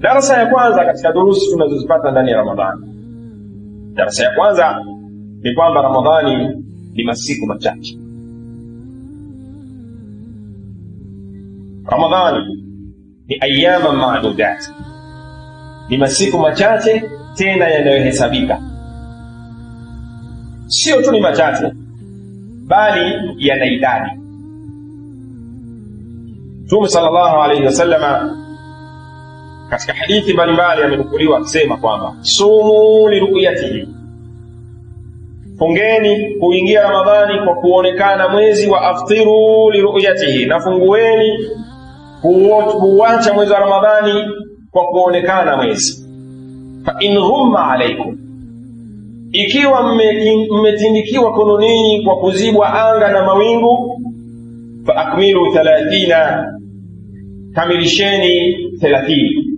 Darasa ya kwanza katika durusi tunazozipata ndani ya Ramadhani, darasa ya kwanza ni kwamba Ramadhani ni masiku machache. Ramadhani ni ayama maadudati, ni masiku machache tena yanayohesabika. Sio tu ni machache, bali yana idadi. Mtume sallallahu alaihi wasallama katika hadithi mbalimbali amenukuliwa akisema kwamba sumu liruyatihi, fungeni kuingia Ramadhani kwa kuonekana mwezi wa aftiru liruyatihi, na fungueni kuuacha mwezi wa Ramadhani kwa kuonekana mwezi. Fa in ghumma alaikum, ikiwa mmetindikiwa kono nini kwa kuzibwa anga na mawingu, fa akmilu thalathina, kamilisheni thelathini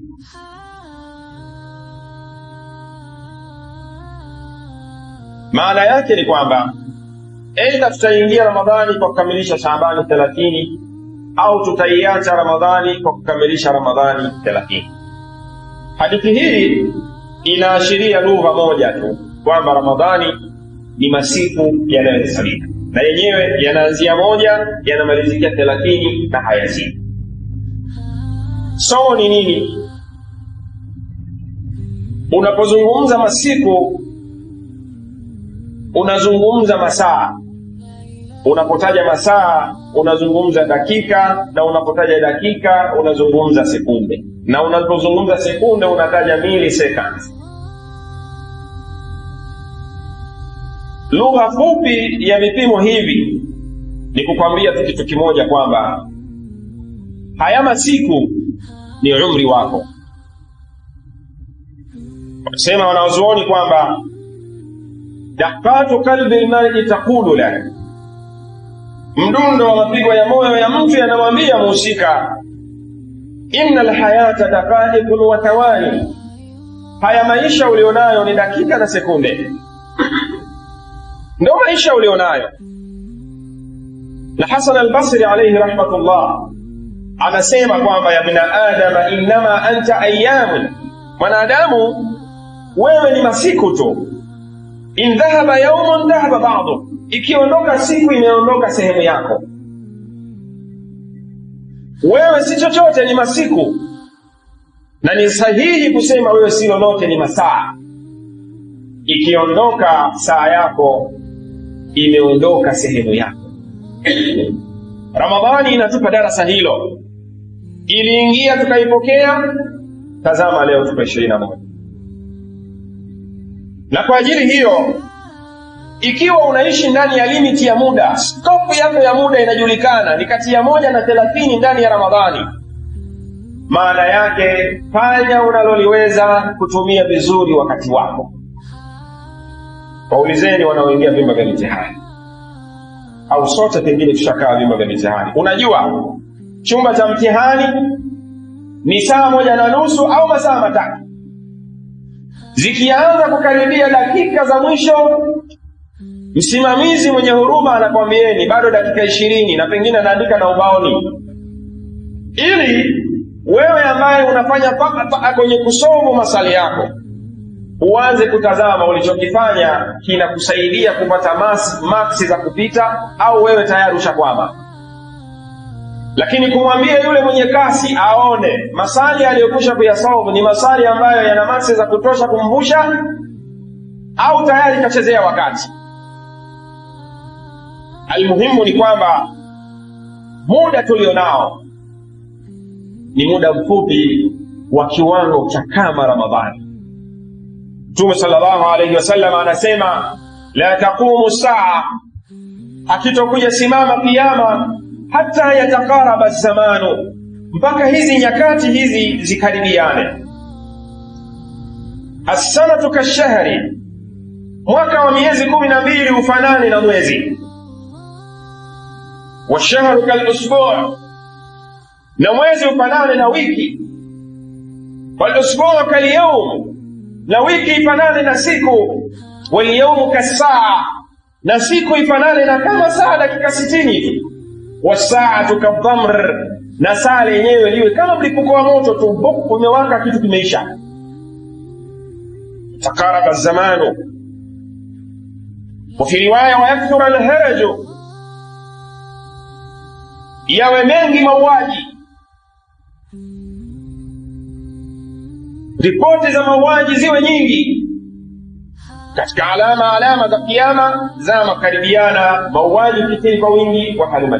Maana yake ni kwamba aidha tutaingia Ramadhani kwa kukamilisha Shaabani thelathini au tutaiacha Ramadhani kwa kukamilisha Ramadhani thelathini. Hadithi hii inaashiria lugha moja tu kwamba Ramadhani ni masiku yanayohesabika na yenyewe yanaanzia moja yanamalizikia thelathini na hayazidi. Somo ni nini? Unapozungumza masiku unazungumza masaa, unapotaja masaa unazungumza dakika, na unapotaja dakika unazungumza sekunde, na unapozungumza sekunde unataja seconds. Lugha fupi ya vipimo hivi ni kukwambia tu kitu kimoja kwamba haya masiku ni umri wako. Wanasema wanaozuoni kwamba dakatu kalbi lmarji taqulu lak, mdundo wa mapigo ya moyo ya mtu yanamwambia muhusika, inna lhayata daqaiqun wa thawani, haya maisha ulionayo ni dakika na sekunde ndo maisha ulionayo. Na Hasan Albasri alaihi rahmatullah anasema kwamba ya bna adama innama anta ayamun, mwanadamu wewe ni masiku tu in dhahaba yaumun dhahaba ba'du, ikiondoka siku imeondoka sehemu yako. Wewe si chochote, ni masiku, na ni sahihi kusema wewe si lolote, ni masaa. Ikiondoka saa yako, imeondoka sehemu yako. Ramadhani inatupa darasa hilo, iliingia tukaipokea, tazama leo tuko ishirini na moja na kwa ajili hiyo ikiwa unaishi ndani ya limiti ya muda, stopu yako ya muda inajulikana ni kati ya moja na thelathini ndani ya Ramadhani. Maana yake fanya unaloliweza kutumia vizuri wakati wako. Waulizeni wanaoingia vyumba vya mitihani, au sote pengine tushakaa vyumba vya mitihani. Unajua chumba cha mtihani ni saa moja na nusu au masaa matatu Zikianza kukaribia dakika za mwisho, msimamizi mwenye huruma anakwambieni bado dakika ishirini, na pengine anaandika na ubaoni, ili wewe ambaye unafanya paka paka kwenye kusomu masali yako uanze kutazama ulichokifanya kinakusaidia kupata maksi za kupita, au wewe tayari ushakwama lakini kumwambia yule mwenye kasi aone masali aliyokwisha kuyasolve ni masali ambayo yana maksi za kutosha kumvusha au tayari kachezea wakati. Almuhimu ni kwamba muda tulionao ni muda mfupi wa kiwango cha kama Ramadhani. Mtume sallallahu alaihi wasallam anasema la taqumu saa, hakitokuja simama kiama hata yataqaraba zamanu, mpaka hizi nyakati hizi zikaribiane. Assanatu kashahri, mwaka wa miezi kumi na mbili ufanane na mwezi. Washahru kalusbuu, na mwezi ufanane na wiki. Walusbuu kalyaum, na wiki ifanane na siku. Walyaumu kasaa, na siku ifanane na kama saa dakika sitini tu wasaatu kadhamr, na saa lenyewe liwe kama mlipuko wa moto tu, bopu umewaka, kitu kimeisha. takaraba zamanu wafi riwaya wayakthura lharaju, yawe mengi mauaji ripoti za mauaji ziwe nyingi katika alama alama za kiama za makaribiana mauaji kitii kwa wingi wa halima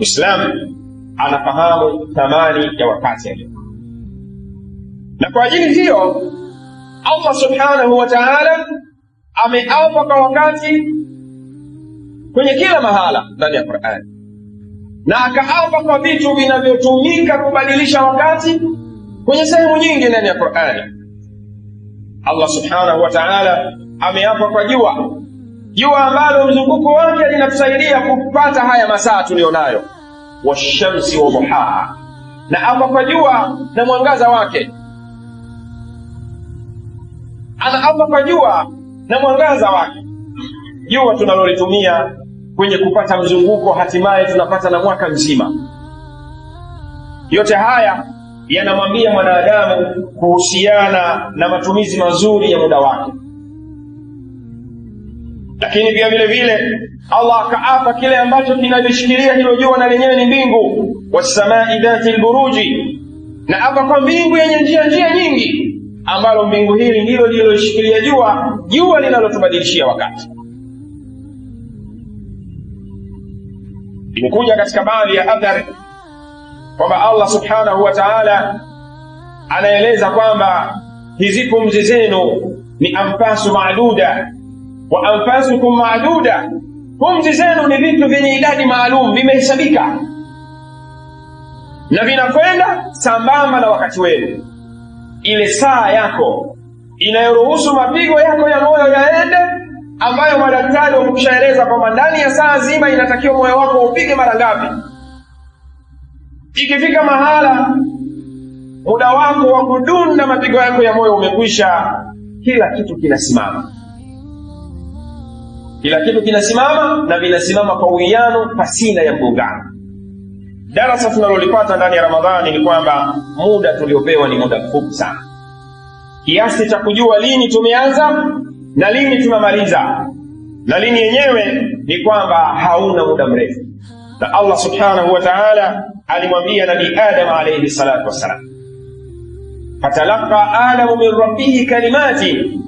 Muislamu anafahamu thamani ya wakati aliyoko, na kwa ajili hiyo Allah subhanahu wa taala ameapa kwa wakati kwenye kila mahala ndani ya Qurani, na akaapa kwa vitu vinavyotumika kubadilisha wakati kwenye sehemu nyingi ndani ya Qurani. Allah subhanahu wa taala ameapa kwa jua, jua ambalo mzunguko wake linatusaidia kupata haya masaa tuliyonayo washamsi wa duhaha, na jua na mwangaza wake. Ana jua na mwangaza wake. Jua tunalolitumia kwenye kupata mzunguko, hatimaye tunapata na mwaka mzima. Yote haya yanamwambia mwanadamu kuhusiana na matumizi mazuri ya muda wake lakini pia vile vile allah akaapa kile ambacho kinalishikilia hilo jua na lenyewe ni mbingu wassamai dhati lburuji na apa kwa mbingu yenye njia njia nyingi ambalo mbingu hili ndilo lililolishikilia jua jua linalotubadilishia wakati imekuja katika baadhi ya athari kwamba allah subhanahu wa taala anaeleza kwamba hizi pumzi zenu ni ampasu maduda wa anfasukum maduda, pumzi zenu ni vitu vyenye idadi maalum, vimehesabika na vinakwenda sambamba na wakati wenu. Ile saa yako inayoruhusu mapigo yako ya moyo yaende, ambayo madaktari wamekushaeleza kwamba ndani ya saa zima inatakiwa moyo wako upige mara ngapi. Ikifika mahala muda wako wa kudunda mapigo yako ya moyo umekwisha, kila kitu kinasimama kila kitu kinasimama na vinasimama kwa uwiano pasina ya mgongano darasa tunalolipata ndani ya ramadhani ni kwamba muda tuliopewa ni muda mfupi sana kiasi cha kujua lini tumeanza na lini tunamaliza na lini yenyewe ni kwamba hauna muda mrefu na allah subhanahu wa taala alimwambia nabi adamu alaihi salatu wassalam fatalaqa adamu min rabbihi kalimatin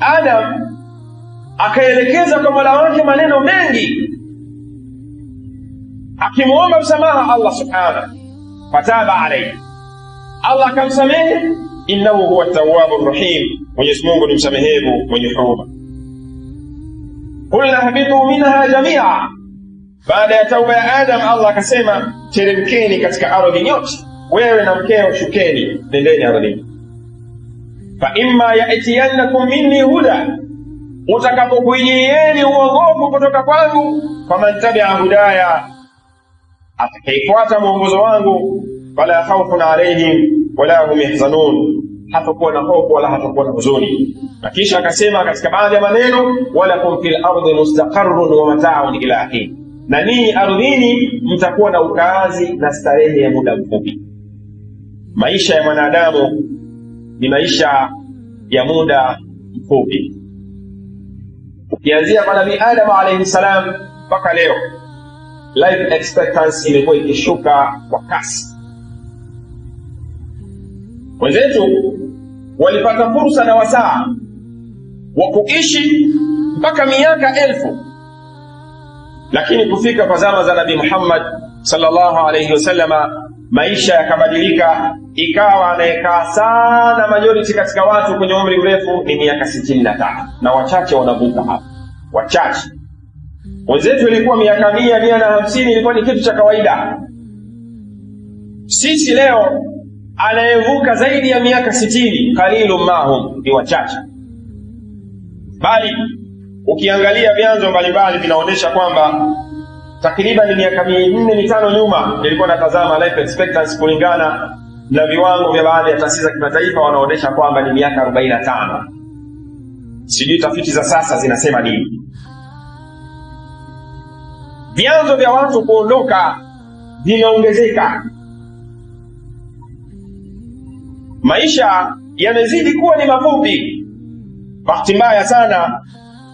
adam akaelekeza kwa mola wake maneno mengi akimwomba msamaha allah subhanahu fataba alaihi allah akamsamehe innahu huwa tawabu rahim mwenyezi mungu ni msamehevu mwenye huruma kulna habitu minha jamia baada ya tauba ya adam allah akasema teremkeni katika ardhi nyote wewe na mkeo shukeni nendeni ardhini faima yatiyannakum minni huda utakapokuijieni uongofu kutoka kwangu, faman tabia hudaya, atakaifuata mwongozo wangu, fala khaufun alaihim wala hum yahzanun, hatakuwa na hofu wala hatakuwa na huzuni. Na kisha akasema katika baadhi ya maneno, walakum fil ardi mustaqarrun wa mataun ila hin, na ninyi ardhini mtakuwa na ukaazi na starehe ya muda mfupi. Maisha ya mwanadamu ni maisha ya muda mfupi kianzia kwa nabii Adamu alayhi salam mpaka leo life expectancy imekuwa ikishuka kwa kasi. Wenzetu walipata fursa na wasaa wa kuishi mpaka miaka elfu, lakini kufika kwa zama za Nabii Muhammad sallallahu alayhi wasallam maisha yakabadilika, ikawa anayekaa sana majority katika watu kwenye umri mrefu ni miaka sitini na tano na wachache wanavuka hapa wachache. Wenzetu ilikuwa miaka mia mia na hamsini ilikuwa ni kitu cha kawaida. Sisi leo anayevuka zaidi ya miaka sitini kalilu mahum, ni wachache. Bali ukiangalia vyanzo mbalimbali vinaonyesha kwamba takriban miaka minne mitano nyuma, nilikuwa natazama life expectancy kulingana na viwango vya baadhi ya taasisi za kimataifa, wanaonyesha kwamba ni miaka arobaini na tano sijui tafiti za sasa zinasema nini vyanzo vya watu kuondoka vinaongezeka maisha yamezidi kuwa ni mafupi bahati mbaya sana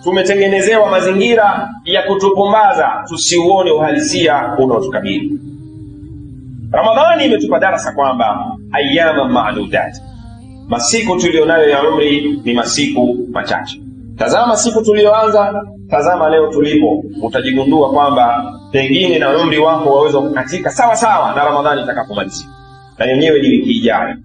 tumetengenezewa mazingira ya kutupumbaza tusiuone uhalisia unaotukabili ramadhani imetupa darasa kwamba ayama madudat Masiku tuliyonayo ya umri ni masiku machache. Tazama siku tuliyoanza, tazama leo tulipo, utajigundua kwamba pengine na umri wako waweza kukatika sawa sawa na Ramadhani itakapomalizika, na yenyewe ni wiki ijayo.